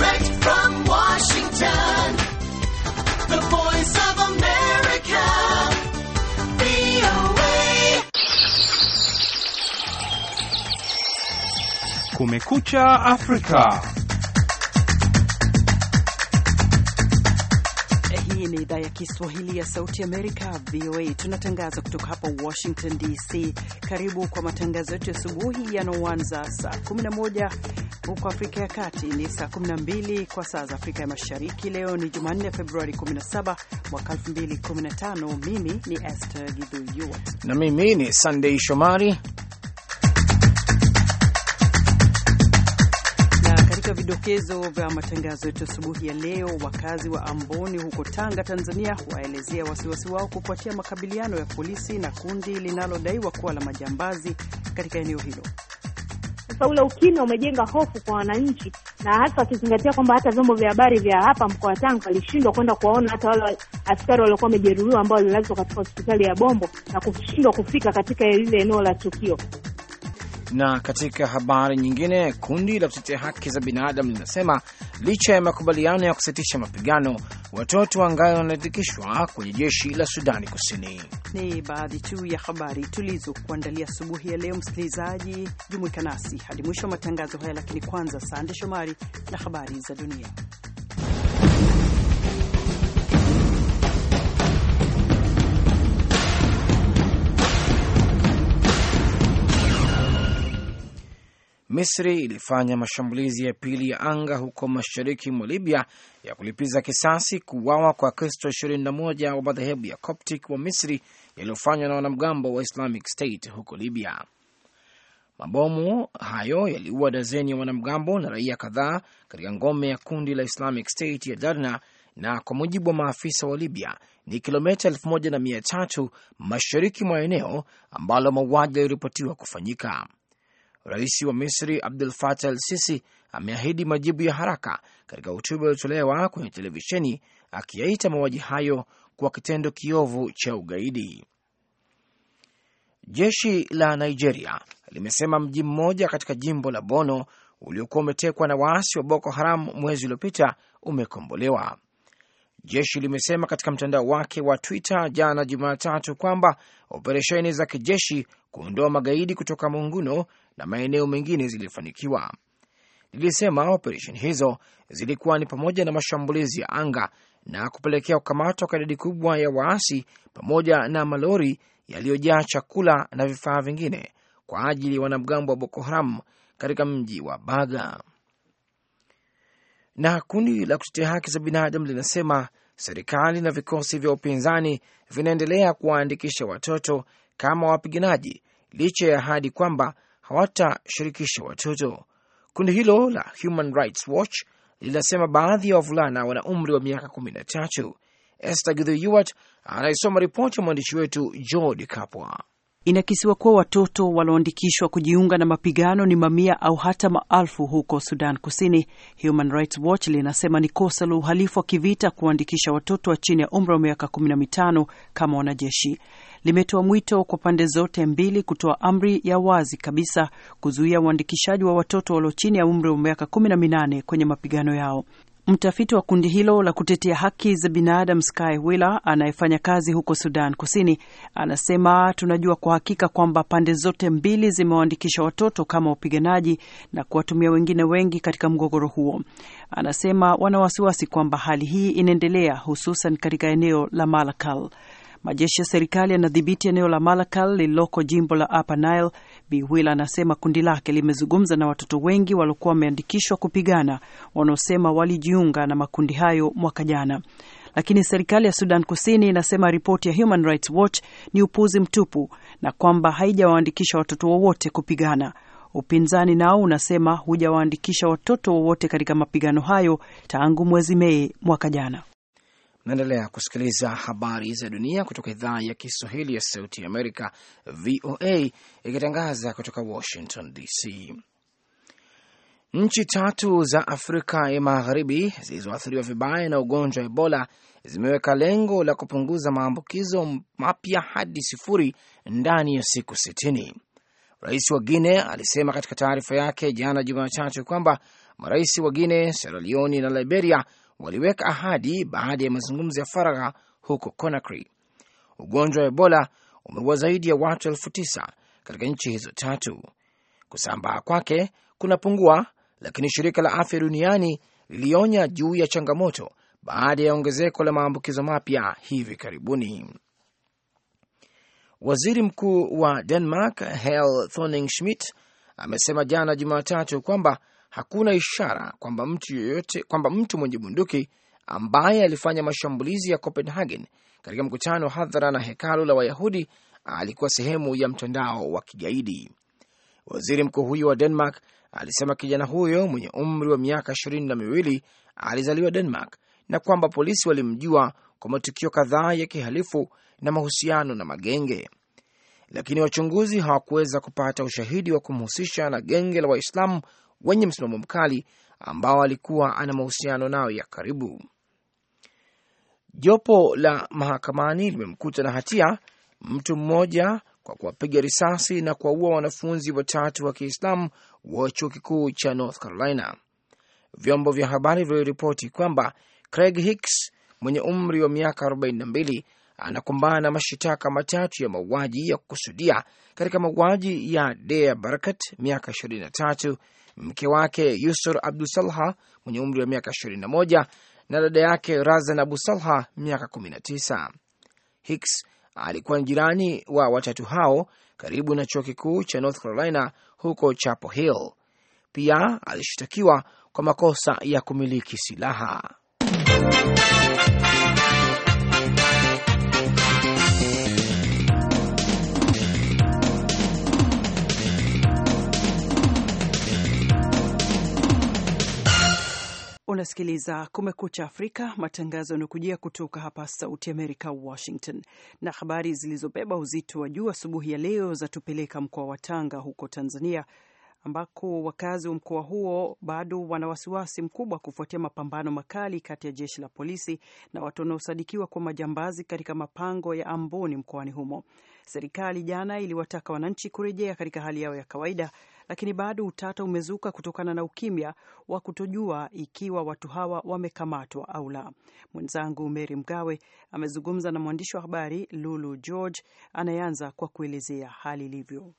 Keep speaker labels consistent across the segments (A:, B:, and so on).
A: Direct from Washington,
B: the voice of
A: America,
B: VOA. Kumekucha Afrika.
C: Hii ni idhaa ya Kiswahili ya Sauti Amerika, VOA. Tunatangaza kutoka hapa Washington DC. Karibu kwa matangazo yetu ya asubuhi yanaoanza saa 11 huko Afrika ya Kati ni saa 12 kwa saa za Afrika ya Mashariki. Leo ni Jumanne, Februari 17 mwaka 2015. Mimi ni Esther Gidhuyu
D: na mimi ni Sandei Shomari.
C: Katika vidokezo vya matangazo yetu asubuhi ya leo, wakazi wa Amboni huko Tanga, Tanzania, waelezea wasiwasi wao kufuatia makabiliano ya polisi na kundi linalodaiwa kuwa la majambazi katika eneo hilo.
E: Sasa ule ukimya umejenga hofu kwa wananchi, na hasa wakizingatia kwamba hata vyombo vya habari vya hapa mkoa wa Tanga walishindwa kwenda kuwaona hata wale askari waliokuwa wamejeruhiwa ambao walilazwa katika hospitali ya Bombo na kushindwa kufika katika lile eneo la tukio.
D: Na katika habari nyingine, kundi la kutetea haki za binadamu linasema licha ya makubaliano ya kusitisha mapigano, watoto wangali wanaandikishwa kwenye jeshi la Sudani Kusini.
C: Ni baadhi tu ya habari tulizokuandalia asubuhi ya leo. Msikilizaji, jumuika nasi hadi mwisho wa matangazo haya, lakini kwanza, Sande Shomari na habari za dunia.
D: Misri ilifanya mashambulizi ya pili ya anga huko mashariki mwa Libya ya kulipiza kisasi kuuawa kwa Kristo 21 wa madhehebu ya Coptic wa Misri yaliyofanywa na wanamgambo wa Islamic State huko Libya. Mabomu hayo yaliua dazeni ya wanamgambo na raia kadhaa katika ngome ya kundi la Islamic State ya Darna, na kwa mujibu wa maafisa wa Libya ni kilomita 13 mashariki mwa eneo ambalo mauaji yaliripotiwa kufanyika. Rais wa Misri Abdul Fatah al Sisi ameahidi majibu ya haraka katika hotuba uliotolewa kwenye televisheni akiyaita mauaji hayo kuwa kitendo kiovu cha ugaidi. Jeshi la Nigeria limesema mji mmoja katika jimbo la Bono uliokuwa umetekwa na waasi wa Boko Haram mwezi uliopita umekombolewa. Jeshi limesema katika mtandao wake wa Twitter jana Jumatatu kwamba operesheni za kijeshi kuondoa magaidi kutoka Munguno na maeneo mengine zilifanikiwa. Lilisema operesheni hizo zilikuwa ni pamoja na mashambulizi ya anga na kupelekea kukamatwa kwa idadi kubwa ya waasi pamoja na malori yaliyojaa chakula na vifaa vingine kwa ajili ya wanamgambo wa Boko Haram katika mji wa Baga. Na kundi la kutetea haki za binadamu linasema serikali na vikosi vya upinzani vinaendelea kuwaandikisha watoto kama wapiganaji licha ya ahadi kwamba hawatashirikisha watoto. Kundi hilo la Human Rights Watch linasema baadhi ya wavulana wana umri wa miaka kumi na tatu. Esther Githyuwat anayesoma ripoti ya mwandishi wetu
C: George Kapwa. Inakisiwa kuwa watoto walioandikishwa kujiunga na mapigano ni mamia au hata maelfu huko Sudan Kusini. Human Rights Watch linasema ni kosa la uhalifu wa kivita kuwaandikisha watoto wa chini ya umri wa miaka 15 kama wanajeshi limetoa mwito kwa pande zote mbili kutoa amri ya wazi kabisa kuzuia uandikishaji wa watoto walio chini ya umri wa miaka kumi na minane kwenye mapigano yao. Mtafiti wa kundi hilo la kutetea haki za binadamu Sky Wheeler anayefanya kazi huko Sudan Kusini anasema, tunajua kwa hakika kwamba pande zote mbili zimewaandikisha watoto kama wapiganaji na kuwatumia wengine wengi katika mgogoro huo. Anasema wana wasiwasi kwamba hali hii inaendelea, hususan katika eneo la Malakal. Majeshi ya serikali yanadhibiti eneo la Malakal lililoko jimbo la Upper Nile. Bi Wheeler anasema kundi lake limezungumza na watoto wengi waliokuwa wameandikishwa kupigana wanaosema walijiunga na makundi hayo mwaka jana. Lakini serikali ya Sudan Kusini inasema ripoti ya Human Rights Watch ni upuzi mtupu na kwamba haijawaandikisha watoto wowote kupigana. Upinzani nao unasema hujawaandikisha watoto wowote katika mapigano hayo tangu mwezi Mei mwaka jana.
D: Naendelea kusikiliza habari za dunia kutoka idhaa ya Kiswahili ya Sauti ya Amerika, VOA, ikitangaza kutoka Washington DC. Nchi tatu za Afrika ya Magharibi zilizoathiriwa vibaya na ugonjwa wa Ebola zimeweka lengo la kupunguza maambukizo mapya hadi sifuri ndani ya siku sitini. Rais wa Guine alisema katika taarifa yake jana Jumatatu kwamba marais wa Guine, Sierra Leone na Liberia waliweka ahadi baada ya mazungumzo ya faragha huko Conakry. Ugonjwa wa Ebola umeua zaidi ya watu elfu tisa katika nchi hizo tatu. Kusambaa kwake kunapungua, lakini shirika la afya duniani lilionya juu ya changamoto baada ya ongezeko la maambukizo mapya hivi karibuni. Waziri mkuu wa Denmark Hel thoning Schmidt amesema jana Jumatatu kwamba hakuna ishara kwamba mtu yoyote kwamba mtu mwenye bunduki ambaye alifanya mashambulizi ya Copenhagen katika mkutano wa hadhara na hekalu la Wayahudi alikuwa sehemu ya mtandao wa kigaidi. Waziri mkuu huyo wa Denmark alisema kijana huyo mwenye umri wa miaka ishirini na miwili alizaliwa Denmark na kwamba polisi walimjua kwa matukio kadhaa ya kihalifu na mahusiano na magenge, lakini wachunguzi hawakuweza kupata ushahidi wa kumhusisha na genge la Waislamu wenye msimamo mkali ambao alikuwa ana mahusiano nao ya karibu. Jopo la mahakamani limemkuta na hatia mtu mmoja kwa kuwapiga risasi na kuwaua wanafunzi watatu wa Kiislamu wa chuo kikuu cha North Carolina. Vyombo vya habari viliripoti kwamba Craig Hicks mwenye umri wa miaka 42 anakumbana na mashitaka matatu ya mauaji ya kukusudia katika mauaji ya Dea Barakat miaka mke wake Yusur Abdu Salha mwenye umri wa miaka 21 na dada yake Razan Abu Salha miaka 19. Hicks alikuwa ni jirani wa watatu hao karibu na chuo kikuu cha North Carolina huko Chapel Hill. Pia alishtakiwa kwa makosa ya kumiliki silaha.
C: Unasikiliza Kumekucha Afrika, matangazo yanakujia kutoka hapa Sauti Amerika, Washington. Na habari zilizobeba uzito wa juu asubuhi ya leo zatupeleka mkoa wa Tanga huko Tanzania, ambako wakazi wa mkoa huo bado wana wasiwasi mkubwa kufuatia mapambano makali kati ya jeshi la polisi na watu wanaosadikiwa kwa majambazi katika mapango ya Amboni mkoani humo. Serikali jana iliwataka wananchi kurejea katika hali yao ya kawaida lakini bado utata umezuka kutokana na ukimya wa kutojua ikiwa watu hawa wamekamatwa au la. Mwenzangu Mary Mgawe amezungumza na mwandishi wa habari Lulu George anayeanza kwa kuelezea hali ilivyo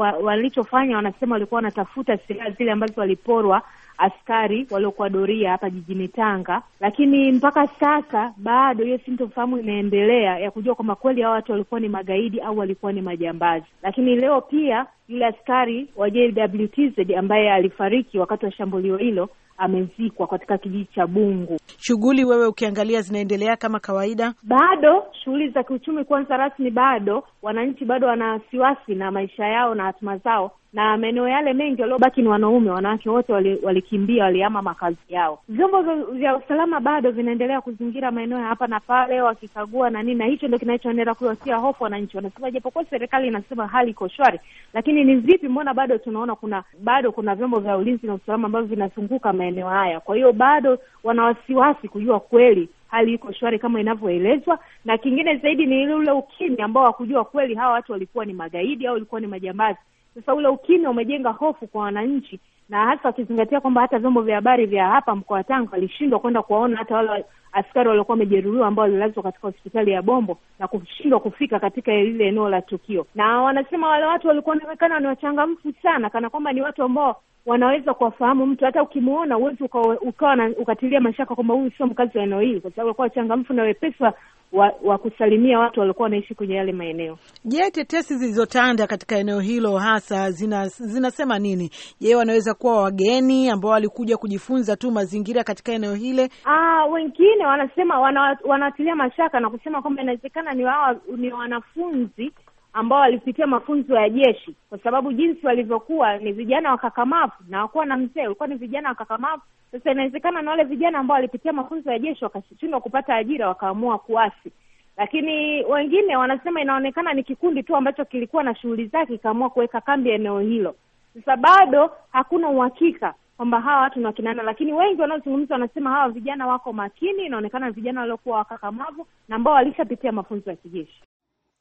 E: wa, walichofanya wanasema walikuwa wanatafuta silaha zile ambazo waliporwa askari waliokuwa doria hapa jijini Tanga, lakini mpaka sasa bado hiyo sintofahamu inaendelea ya kujua kwamba kweli hao watu walikuwa ni magaidi au walikuwa ni majambazi. Lakini leo pia yule askari wa JWTZ ambaye alifariki wakati wa shambulio hilo amezikwa katika kijiji cha Bungu. Shughuli wewe ukiangalia zinaendelea kama kawaida? Bado shughuli za kiuchumi kwanza rasmi bado, wananchi bado wana wasiwasi na maisha yao na hatima zao, na maeneo yale mengi waliobaki ni wanaume, wanawake wote walikimbia, wali walihama makazi yao. Vyombo vya usalama bado vinaendelea kuzingira maeneo ya hapa na pale, wakikagua na nini, na hicho ndo kinachoendelea kuwatia hofu wananchi. Wanasema japokuwa serikali inasema hali iko shwari, lakini ni vipi, mbona bado tunaona kuna bado kuna vyombo vya ulinzi na usalama ambavyo vinazunguka maeneo haya? Kwa hiyo bado wanawasiwasi kujua kweli hali iko shwari kama inavyoelezwa, na kingine zaidi ni ule ukimya ambao hakujua kweli hawa watu walikuwa ni magaidi au walikuwa ni majambazi. Sasa ule ukimya umejenga hofu kwa wananchi, na hasa wakizingatia kwamba hata vyombo vya habari vya hapa mkoa wa Tanga walishindwa kwenda kuwaona hata wale askari waliokuwa wamejeruhiwa ambao walilazwa katika hospitali ya Bombo na kushindwa kufika katika lile eneo la tukio, na wanasema wale watu walikuwa wanaonekana ni wachangamfu sana, kana kwamba ni watu ambao wanaweza kuwafahamu mtu, hata ukimwona huwezi ukawa ukatilia mashaka kwamba huyu sio mkazi wa eneo hili, kwa sababu alikuwa wachangamfu na wepesi wa, wa kusalimia watu waliokuwa wanaishi kwenye yale maeneo. Je, tetesi zilizotanda katika eneo hilo hasa zina, zinasema nini? Je, wanaweza kuwa wageni ambao walikuja kujifunza tu mazingira katika eneo hile? Ah, wengine wanasema wanawatilia mashaka na kusema kwamba inawezekana ni, wa, ni wanafunzi ambao walipitia mafunzo ya jeshi, kwa sababu jinsi walivyokuwa ni vijana wakakamavu na wakuwa na mzee, walikuwa ni vijana wakakamavu. Sasa inawezekana na wale vijana ambao walipitia mafunzo ya jeshi wakashindwa kupata ajira, wakaamua kuasi lakini wengine wanasema inaonekana ni kikundi tu ambacho kilikuwa na shughuli zake ikaamua kuweka kambi eneo hilo. Sasa bado hakuna uhakika kwamba hawa watu ni wakina nani, lakini wengi wanaozungumza wanasema hawa vijana wako makini, inaonekana vijana waliokuwa wakakamavu na ambao walishapitia mafunzo ya kijeshi.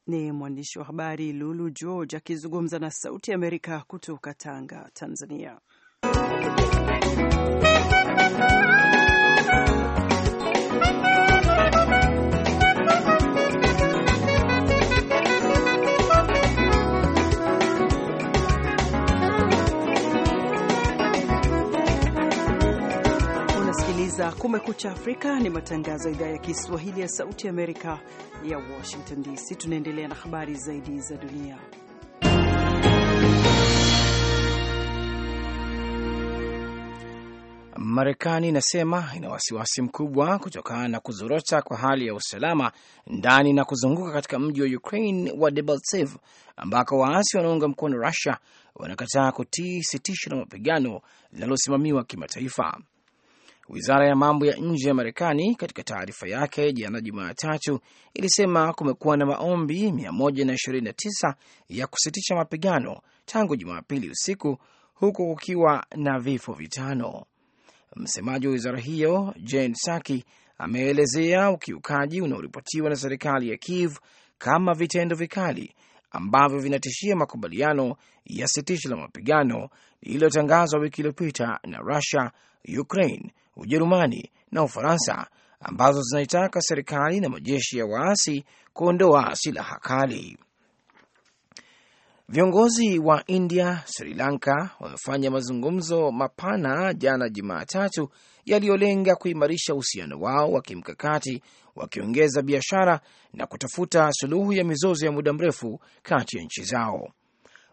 C: Ni mwandishi wa habari Lulu George akizungumza na Sauti ya Amerika kutoka Tanga, Tanzania. za Kumekucha Afrika, ni matangazo ya idhaa ya Kiswahili ya Sauti ya Amerika ya Washington DC. Tunaendelea na habari zaidi za dunia.
D: Marekani inasema ina wasiwasi mkubwa kutokana na kuzorota kwa hali ya usalama ndani na kuzunguka katika mji wa Ukraine wa Debaltseve ambako waasi wanaunga mkono Russia wanakataa kutii sitisho la mapigano linalosimamiwa kimataifa. Wizara ya mambo ya nje ya Marekani katika taarifa yake jana Jumatatu ilisema kumekuwa na maombi 129 ya kusitisha mapigano tangu Jumapili usiku huku kukiwa na vifo vitano. Msemaji wa wizara hiyo Jane Saki ameelezea ukiukaji unaoripotiwa na serikali ya Kiev kama vitendo vikali ambavyo vinatishia makubaliano ya sitisho la mapigano lililotangazwa wiki iliyopita na Rusia, Ukraine, Ujerumani na Ufaransa, ambazo zinaitaka serikali na majeshi ya waasi kuondoa silaha kali. Viongozi wa India, Sri Lanka wamefanya mazungumzo mapana jana Jumatatu yaliyolenga kuimarisha uhusiano wao wa kimkakati, wakiongeza biashara na kutafuta suluhu ya mizozo ya muda mrefu kati ya nchi zao.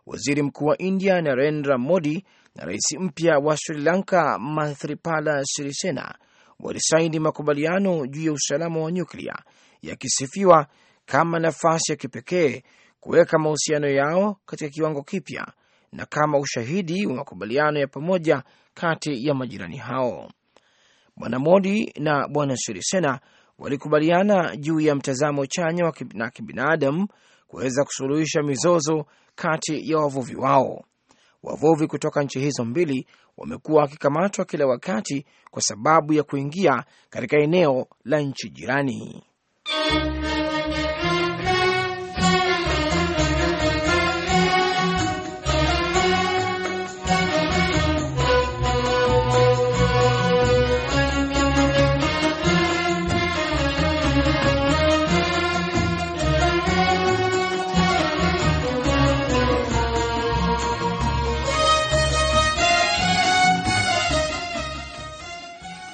D: Waziri Mkuu wa India Narendra Modi na rais mpya wa Sri Lanka Maithripala Sirisena walisaini makubaliano juu ya usalama wa nyuklia, yakisifiwa kama nafasi ya kipekee kuweka mahusiano yao katika kiwango kipya na kama ushahidi wa makubaliano ya pamoja kati ya majirani hao. Bwana Modi na Bwana Sirisena walikubaliana juu ya mtazamo chanya na kibinadamu kuweza kusuluhisha mizozo kati ya wavuvi wao. Wavuvi kutoka nchi hizo mbili wamekuwa wakikamatwa kila wakati kwa sababu ya kuingia katika eneo la nchi jirani.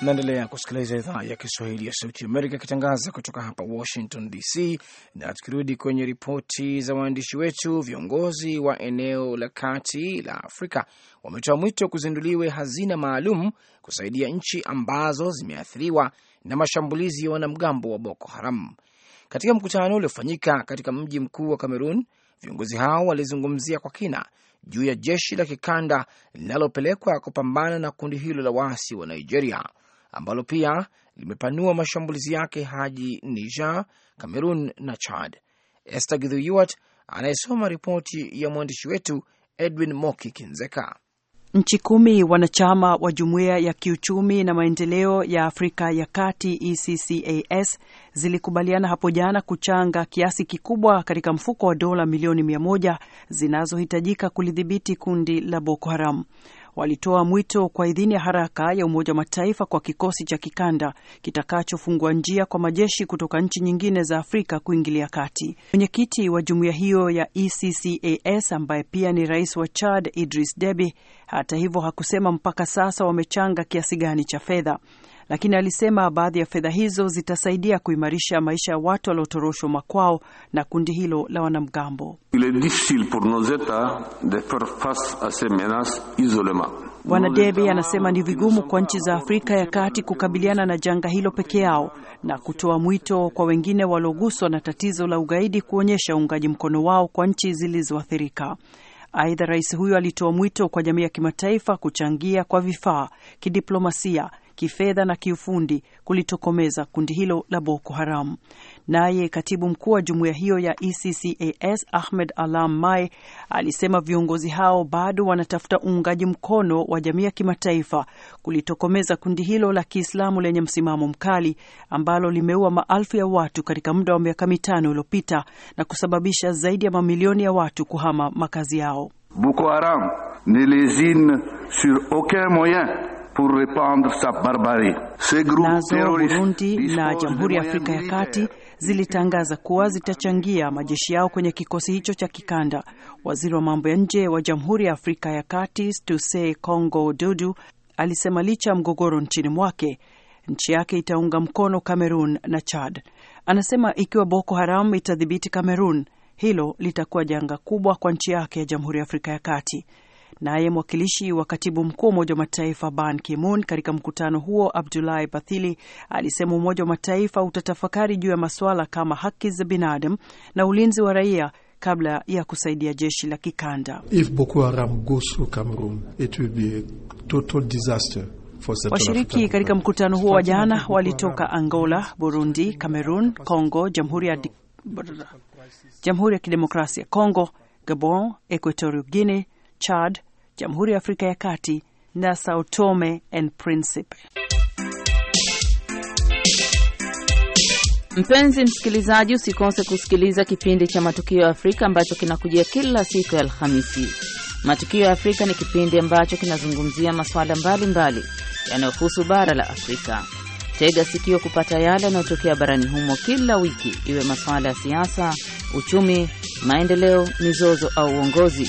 D: Naendelea kusikiliza idhaa ya Kiswahili ya Sauti Amerika ikitangaza kutoka hapa Washington DC. Na tukirudi kwenye ripoti za waandishi wetu, viongozi wa eneo la kati la Afrika wametoa mwito kuzinduliwe hazina maalum kusaidia nchi ambazo zimeathiriwa na mashambulizi ya wanamgambo wa Boko Haram. Katika mkutano uliofanyika katika mji mkuu wa Kamerun, viongozi hao walizungumzia kwa kina juu ya jeshi la kikanda linalopelekwa kupambana na kundi hilo la waasi wa Nigeria ambalo pia limepanua mashambulizi yake hadi Niger, Cameroon na Chad. Esther Githyuat anayesoma ripoti ya mwandishi wetu Edwin Moki Kinzeka.
C: Nchi kumi wanachama wa Jumuiya ya Kiuchumi na Maendeleo ya Afrika ya Kati ECCAS zilikubaliana hapo jana kuchanga kiasi kikubwa katika mfuko wa dola milioni mia moja zinazohitajika kulidhibiti kundi la Boko Haram walitoa mwito kwa idhini ya haraka ya Umoja wa Mataifa kwa kikosi cha kikanda kitakachofungua njia kwa majeshi kutoka nchi nyingine za Afrika kuingilia kati. Mwenyekiti wa jumuiya hiyo ya ECCAS ambaye pia ni rais wa Chad Idris Deby, hata hivyo, hakusema mpaka sasa wamechanga kiasi gani cha fedha lakini alisema baadhi ya fedha hizo zitasaidia kuimarisha maisha ya watu waliotoroshwa makwao na kundi hilo la wanamgambo. Bwana Debe anasema ni vigumu kwa nchi za Afrika ya Kati kukabiliana na janga hilo peke yao na kutoa mwito kwa wengine walioguswa na tatizo la ugaidi kuonyesha uungaji mkono wao kwa nchi zilizoathirika. Aidha, rais huyo alitoa mwito kwa jamii ya kimataifa kuchangia kwa vifaa, kidiplomasia, kifedha na kiufundi kulitokomeza kundi hilo la Boko Haram. Naye katibu mkuu wa jumuiya hiyo ya ECCAS Ahmed Alam Mae alisema viongozi hao bado wanatafuta uungaji mkono wa jamii ya kimataifa kulitokomeza kundi hilo la Kiislamu lenye msimamo mkali ambalo limeua maelfu ya watu katika muda wa miaka mitano uliopita na kusababisha zaidi ya mamilioni ya watu kuhama makazi yao.
B: Boko Haram ne lesine sur aucun moyen pour répandre sa barbarie. Nazo Burundi
C: na Jamhuri ya Afrika ya Kati zilitangaza kuwa zitachangia majeshi yao kwenye kikosi hicho cha kikanda. Waziri wa mambo ya nje wa Jamhuri ya Afrika ya Kati Stuse Kongo Dudu alisema licha ya mgogoro nchini mwake, nchi yake itaunga mkono Cameroon na Chad. Anasema ikiwa Boko Haram itadhibiti Cameroon, hilo litakuwa janga kubwa kwa nchi yake ya Jamhuri ya Afrika ya Kati. Naye mwakilishi wa katibu mkuu wa Umoja wa Mataifa Ban Ki-moon katika mkutano huo, Abdulahi Bathili, alisema Umoja wa Mataifa utatafakari juu ya masuala kama haki za binadamu na ulinzi wa raia kabla ya kusaidia jeshi la kikanda.
B: Washiriki katika
C: mkutano huo wa jana walitoka Angola, Burundi, Cameroon, Congo, Jamhuri ya, di... Jamhuri ya Kidemokrasia ya Congo, Gabon, Equatorio Guine, Chad, Jamhuri ya Afrika ya Kati na Sao Tome and Principe. Mpenzi msikilizaji, usikose kusikiliza kipindi cha Matukio ya Afrika ambacho
A: kinakujia kila siku ya Alhamisi. Matukio ya Afrika ni kipindi ambacho kinazungumzia masuala mbalimbali yanayohusu bara la Afrika. Tega sikio kupata yale yanayotokea barani humo kila wiki, iwe masuala ya siasa, uchumi, maendeleo, mizozo au uongozi.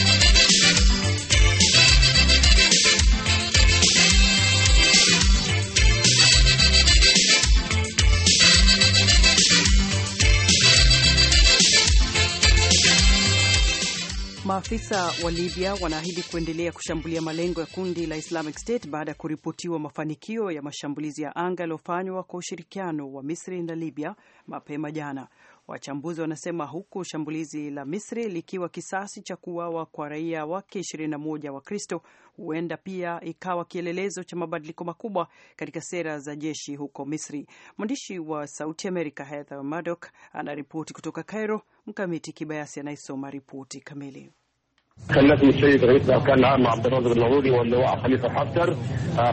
C: Maafisa wa Libya wanaahidi kuendelea kushambulia malengo ya kundi la Islamic State baada ya kuripotiwa mafanikio ya mashambulizi ya anga yaliyofanywa kwa ushirikiano wa Misri na Libya mapema jana. Wachambuzi wanasema huku shambulizi la Misri likiwa kisasi cha kuuawa kwa raia wake 21 wa Kristo, huenda pia ikawa kielelezo cha mabadiliko makubwa katika sera za jeshi huko Misri. Mwandishi wa Sauti Amerika Heather Maddock anaripoti kutoka Cairo. Mkamiti Kibayasi anayesoma ripoti kamili. كان نفي السيد رئيس الاركان العامه عبد الرازق الناظوري واللواء خليفه
B: حفتر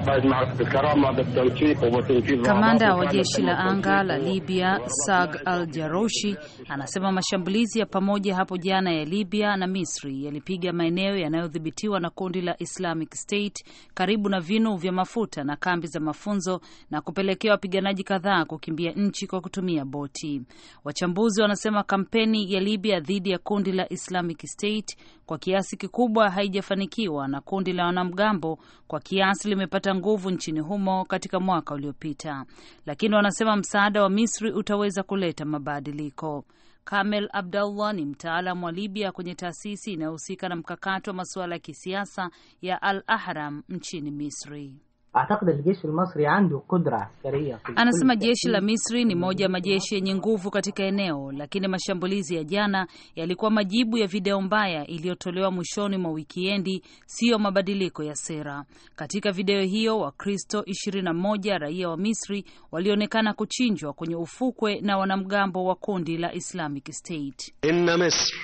B: قائد معركه الكرامه بالتوثيق وتنفيذ kamanda wa jeshi la
A: anga la Libya Sag al Jaroshi anasema mashambulizi ya pamoja hapo jana ya Libya na Misri yalipiga maeneo yanayodhibitiwa na kundi la Islamic State karibu na vinu vya mafuta na kambi za mafunzo na kupelekea wapiganaji kadhaa kukimbia nchi kwa kutumia boti. Wachambuzi wanasema kampeni ya Libya dhidi ya kundi la Islamic State kwa kiasi kikubwa haijafanikiwa na kundi la wanamgambo kwa kiasi limepata nguvu nchini humo katika mwaka uliopita, lakini wanasema msaada wa Misri utaweza kuleta mabadiliko. Kamel Abdallah ni mtaalamu wa Libya kwenye taasisi inayohusika na mkakati wa masuala ya kisiasa ya Al Ahram nchini Misri. Atakida aljeshi almasri andu kudra askaria. Anasema jeshi la Misri ni moja ya majeshi yenye nguvu katika eneo, lakini mashambulizi ya jana yalikuwa majibu ya video mbaya iliyotolewa mwishoni mwa wikiendi, siyo mabadiliko ya sera. Katika video hiyo, Wakristo 21 raia wa Misri walionekana kuchinjwa kwenye ufukwe na wanamgambo wa kundi la Islamic State.
B: Inna Misr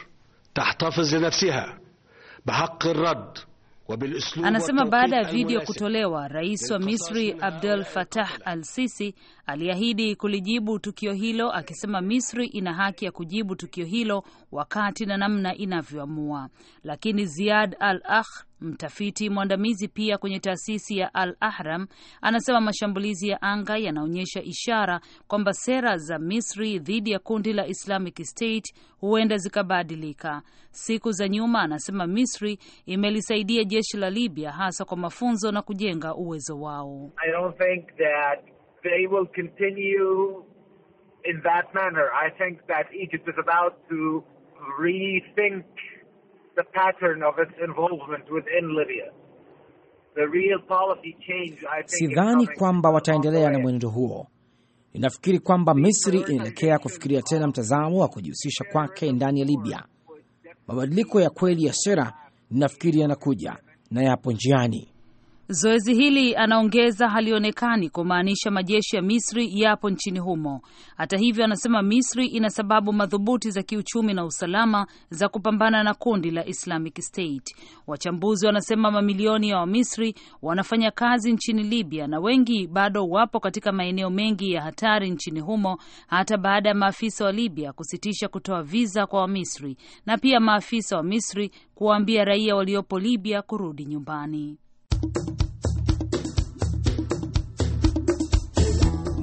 B: tahtafiz linafsiha bihaqi rad Anasema baada ya video
A: kutolewa, rais wa Misri Abdel Fattah al-Sisi aliahidi kulijibu tukio hilo akisema Misri ina haki ya kujibu tukio hilo wakati na namna inavyoamua. Lakini Ziad Al Akh, mtafiti mwandamizi pia kwenye taasisi ya Al Ahram, anasema mashambulizi ya anga yanaonyesha ishara kwamba sera za Misri dhidi ya kundi la Islamic State huenda zikabadilika. Siku za nyuma, anasema Misri imelisaidia jeshi la Libya hasa kwa mafunzo na kujenga uwezo wao. I don't think that they will continue in that manner. I think that Egypt is about to rethink
D: the pattern of its involvement within Libya. The real policy change, I think, sidhani kwamba wataendelea na mwenendo huo. Inafikiri kwamba Misri inaelekea kufikiria tena mtazamo wa kujihusisha kwake ndani ya Libya. Mabadiliko ya kweli ya sera ninafikiri yanakuja na yapo njiani.
A: Zoezi hili anaongeza, halionekani kumaanisha majeshi ya Misri yapo nchini humo. Hata hivyo, anasema Misri ina sababu madhubuti za kiuchumi na usalama za kupambana na kundi la Islamic State. Wachambuzi wanasema mamilioni ya Wamisri wanafanya kazi nchini Libya na wengi bado wapo katika maeneo mengi ya hatari nchini humo, hata baada ya maafisa wa Libya kusitisha kutoa viza kwa Wamisri na pia maafisa wa Misri kuwaambia raia waliopo Libya kurudi nyumbani.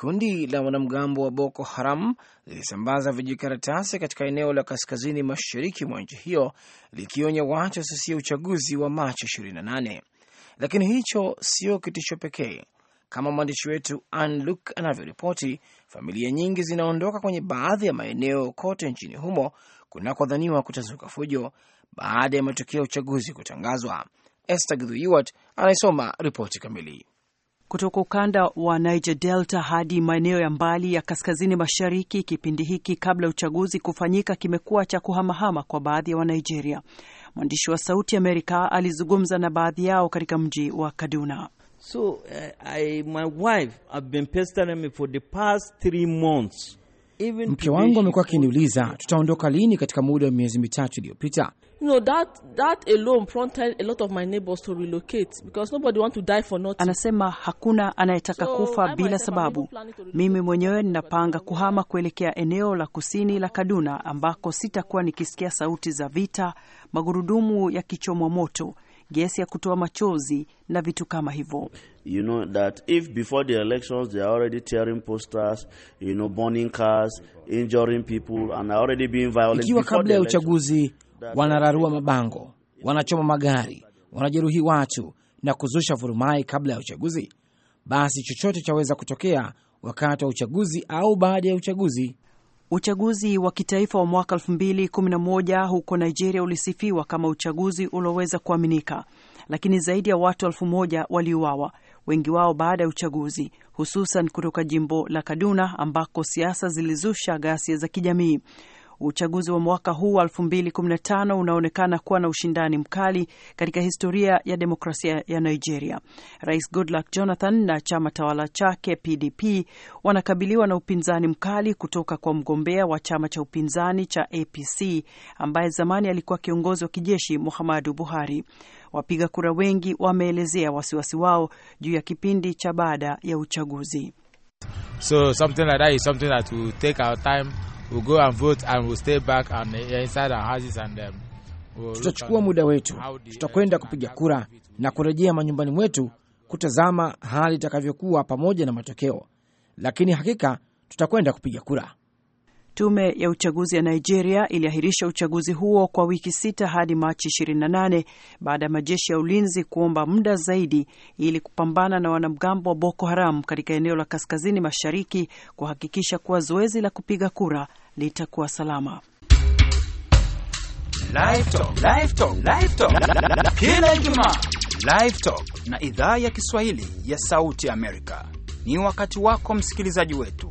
D: Kundi la wanamgambo wa Boko Haram lilisambaza vijikaratasi katika eneo la kaskazini mashariki mwa nchi hiyo likionya watu wasusia uchaguzi wa Machi 28. Lakini hicho sio kitisho pekee. Kama mwandishi wetu Ann Luk anavyoripoti, familia nyingi zinaondoka kwenye baadhi ya maeneo kote nchini humo kunakodhaniwa kutazuka fujo baada ya matokeo ya uchaguzi kutangazwa. Esther Githuiwat anayesoma ripoti kamili
C: kutoka ukanda wa Niger Delta hadi maeneo ya mbali ya kaskazini mashariki. Kipindi hiki kabla uchaguzi kufanyika kimekuwa cha kuhamahama kwa baadhi ya wa Wanigeria. Mwandishi wa Sauti Amerika alizungumza na baadhi yao katika mji wa Kaduna. So, uh, I, my wife been pestering me for the past three months. mke wangu amekuwa akiniuliza tutaondoka
D: lini katika muda wa miezi mitatu iliyopita
C: you know that that alone prompted a lot of my neighbors to relocate because nobody want to die for nothing. Anasema hakuna anayetaka so, kufa bila sababu. Mimi mwenyewe ninapanga kuhama kuelekea eneo la kusini la Kaduna ambako sitakuwa nikisikia sauti za vita, magurudumu ya kichomwa moto, gesi ya kutoa machozi na vitu kama hivyo.
B: You know that if before the elections they are already tearing posters, you know burning cars, injuring people and already being violent. Ikiwa kabla ya
D: uchaguzi wanararua mabango, wanachoma magari, wanajeruhi watu na kuzusha vurumai kabla ya uchaguzi, basi chochote chaweza kutokea
C: wakati wa uchaguzi au baada ya uchaguzi. Uchaguzi wa kitaifa wa mwaka 2011 huko Nigeria ulisifiwa kama uchaguzi ulioweza kuaminika, lakini zaidi ya watu elfu moja waliuawa, wengi wao baada ya uchaguzi, hususan kutoka jimbo la Kaduna ambako siasa zilizusha ghasia za kijamii. Uchaguzi wa mwaka huu wa 2015 unaonekana kuwa na ushindani mkali katika historia ya demokrasia ya Nigeria. Rais Goodluck Jonathan na chama tawala chake PDP wanakabiliwa na upinzani mkali kutoka kwa mgombea wa chama cha upinzani cha APC ambaye zamani alikuwa kiongozi wa kijeshi Muhammadu Buhari. Wapiga kura wengi wameelezea wasiwasi wao juu ya kipindi cha baada ya uchaguzi.
B: So something like that is something that will take our time we'll go and vote and we'll stay back and inside our houses and um, we'll tutachukua muda
D: wetu, tutakwenda uh, kupiga kura na kurejea manyumbani mwetu kutazama hali itakavyokuwa pamoja na matokeo,
C: lakini hakika tutakwenda kupiga kura. Tume ya uchaguzi ya Nigeria iliahirisha uchaguzi huo kwa wiki sita hadi Machi 28 baada ya majeshi ya ulinzi kuomba muda zaidi ili kupambana na wanamgambo wa Boko Haram katika eneo la kaskazini mashariki kuhakikisha kuwa zoezi la kupiga kura litakuwa salama.
B: Live Talk, Kila Ijumaa Live Talk na idhaa ya Kiswahili ya Sauti ya Amerika. Ni wakati wako msikilizaji wetu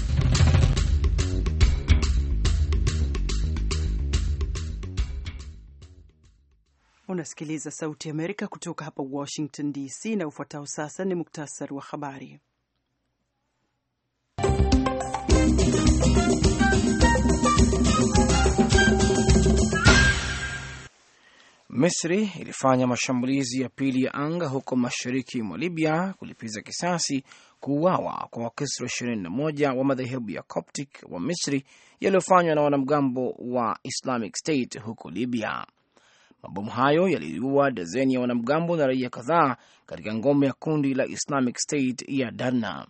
C: Unasikiliza Sauti ya Amerika kutoka hapa Washington DC, na ufuatao sasa ni muktasari wa habari.
D: Misri ilifanya mashambulizi ya pili ya anga huko mashariki mwa Libya kulipiza kisasi kuuawa kwa Wakristo 21 wa madhehebu ya Coptic wa Misri yaliyofanywa na wanamgambo wa Islamic State huko Libya. Mabomu hayo yaliua dazeni ya wanamgambo na raia kadhaa katika ngome ya kundi la Islamic State ya Darna.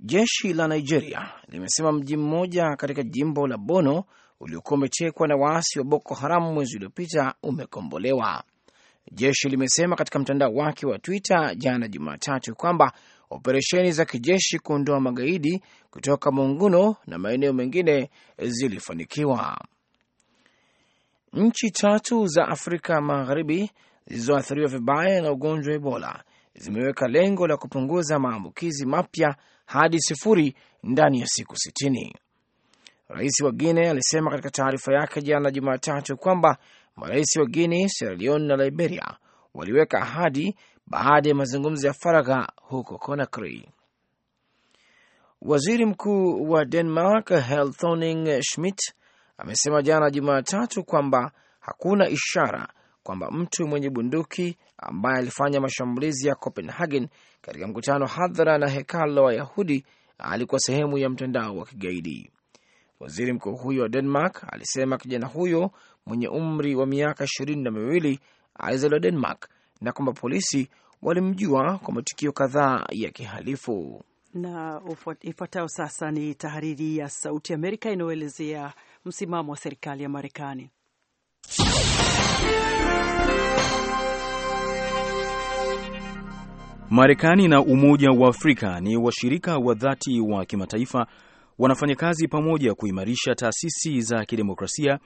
D: Jeshi la Nigeria limesema mji mmoja katika jimbo la Bono uliokuwa umechekwa na waasi wa Boko Haram mwezi uliopita umekombolewa. Jeshi limesema katika mtandao wake wa Twitter jana Jumatatu kwamba operesheni za kijeshi kuondoa magaidi kutoka Monguno na maeneo mengine zilifanikiwa. Nchi tatu za Afrika Magharibi zilizoathiriwa vibaya na ugonjwa wa Ebola zimeweka lengo la kupunguza maambukizi mapya hadi sifuri ndani ya siku sitini. Rais wa Guine alisema katika taarifa yake jana Jumatatu kwamba marais wa Guine, Sierra Leone na Liberia waliweka ahadi baada ya mazungumzo ya faragha huko Conakry. Waziri mkuu wa Denmark Helle Thorning Schmidt amesema jana Jumatatu kwamba hakuna ishara kwamba mtu mwenye bunduki ambaye alifanya mashambulizi ya Copenhagen katika mkutano hadhara na hekalu la Wayahudi alikuwa sehemu ya mtandao wa kigaidi. Waziri mkuu huyo wa Denmark alisema kijana huyo mwenye umri wa miaka ishirini na miwili alizaliwa Denmark na kwamba polisi walimjua kwa matukio kadhaa ya kihalifu.
C: Na ifuatayo sasa ni tahariri ya Sauti Amerika inayoelezea msimamo wa serikali ya Marekani.
B: Marekani na Umoja wa Afrika ni washirika wa dhati wa kimataifa, wanafanya kazi pamoja kuimarisha taasisi za kidemokrasia,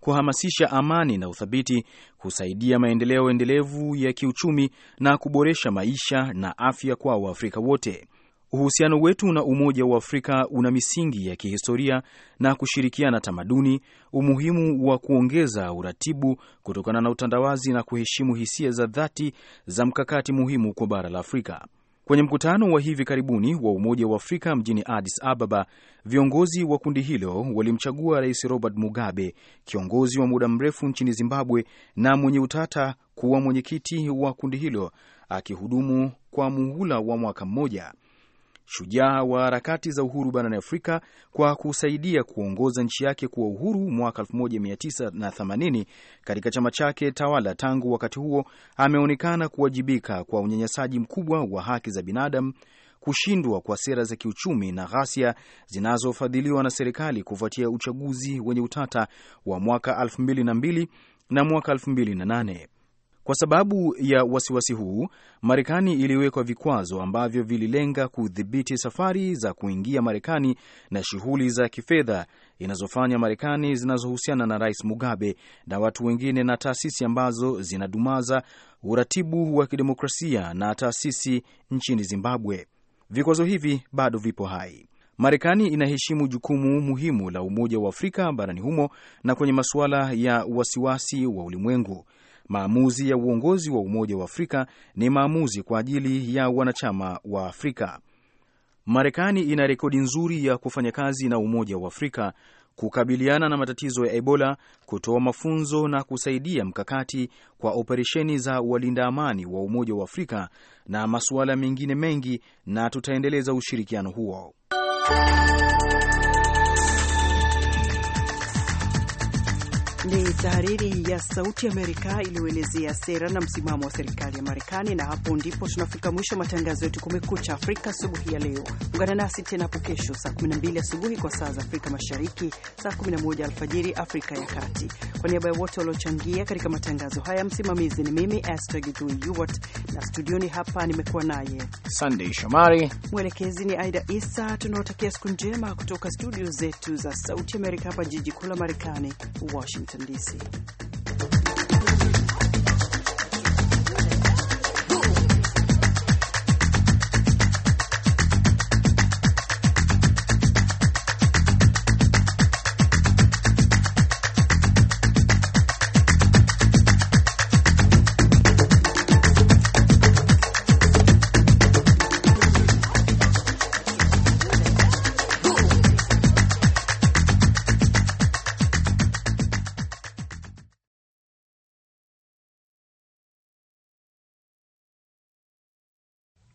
B: kuhamasisha amani na uthabiti, kusaidia maendeleo endelevu ya kiuchumi na kuboresha maisha na afya kwa Waafrika wote. Uhusiano wetu na Umoja wa Afrika una misingi ya kihistoria na kushirikiana tamaduni, umuhimu wa kuongeza uratibu kutokana na utandawazi na kuheshimu hisia za dhati za mkakati muhimu kwa bara la Afrika. Kwenye mkutano wa hivi karibuni wa Umoja wa Afrika mjini Addis Ababa, viongozi wa kundi hilo walimchagua Rais Robert Mugabe, kiongozi wa muda mrefu nchini Zimbabwe na mwenye utata, kuwa mwenyekiti wa kundi hilo akihudumu kwa muhula wa mwaka mmoja shujaa wa harakati za uhuru barani Afrika kwa kusaidia kuongoza nchi yake kuwa uhuru mwaka 1980 katika chama chake tawala. Tangu wakati huo ameonekana kuwajibika kwa unyanyasaji mkubwa wa haki za binadamu, kushindwa kwa sera za kiuchumi na ghasia zinazofadhiliwa na serikali kufuatia uchaguzi wenye utata wa mwaka 2002 na mwaka 2008. Kwa sababu ya wasiwasi huu, Marekani iliwekwa vikwazo ambavyo vililenga kudhibiti safari za kuingia Marekani na shughuli za kifedha inazofanya Marekani zinazohusiana na Rais Mugabe na watu wengine na taasisi ambazo zinadumaza uratibu wa kidemokrasia na taasisi nchini Zimbabwe. Vikwazo hivi bado vipo hai. Marekani inaheshimu jukumu muhimu la Umoja wa Afrika barani humo na kwenye masuala ya wasiwasi wa ulimwengu. Maamuzi ya uongozi wa Umoja wa Afrika ni maamuzi kwa ajili ya wanachama wa Afrika. Marekani ina rekodi nzuri ya kufanya kazi na Umoja wa Afrika kukabiliana na matatizo ya Ebola, kutoa mafunzo na kusaidia mkakati kwa operesheni za walinda amani wa Umoja wa Afrika na masuala mengine mengi, na tutaendeleza ushirikiano huo.
C: Ni tahariri ya Sauti Amerika iliyoelezea sera na msimamo wa serikali ya Marekani. Na hapo ndipo tunafika mwisho matangazo yetu Kumekucha Afrika asubuhi ya leo. Ungana nasi tena hapo kesho saa 12 asubuhi kwa saa za Afrika Mashariki, saa 11 alfajiri Afrika ya Kati. Kwa niaba ya wote waliochangia katika matangazo haya, msimamizi ni mimi Astgwat, na studioni hapa nimekuwa naye
D: Sandey Shomari,
C: mwelekezi ni Aida Isa. Tunaotakia siku njema kutoka studio zetu za Sauti Amerika hapa jiji kuu la Marekani, Washington. Washington DC.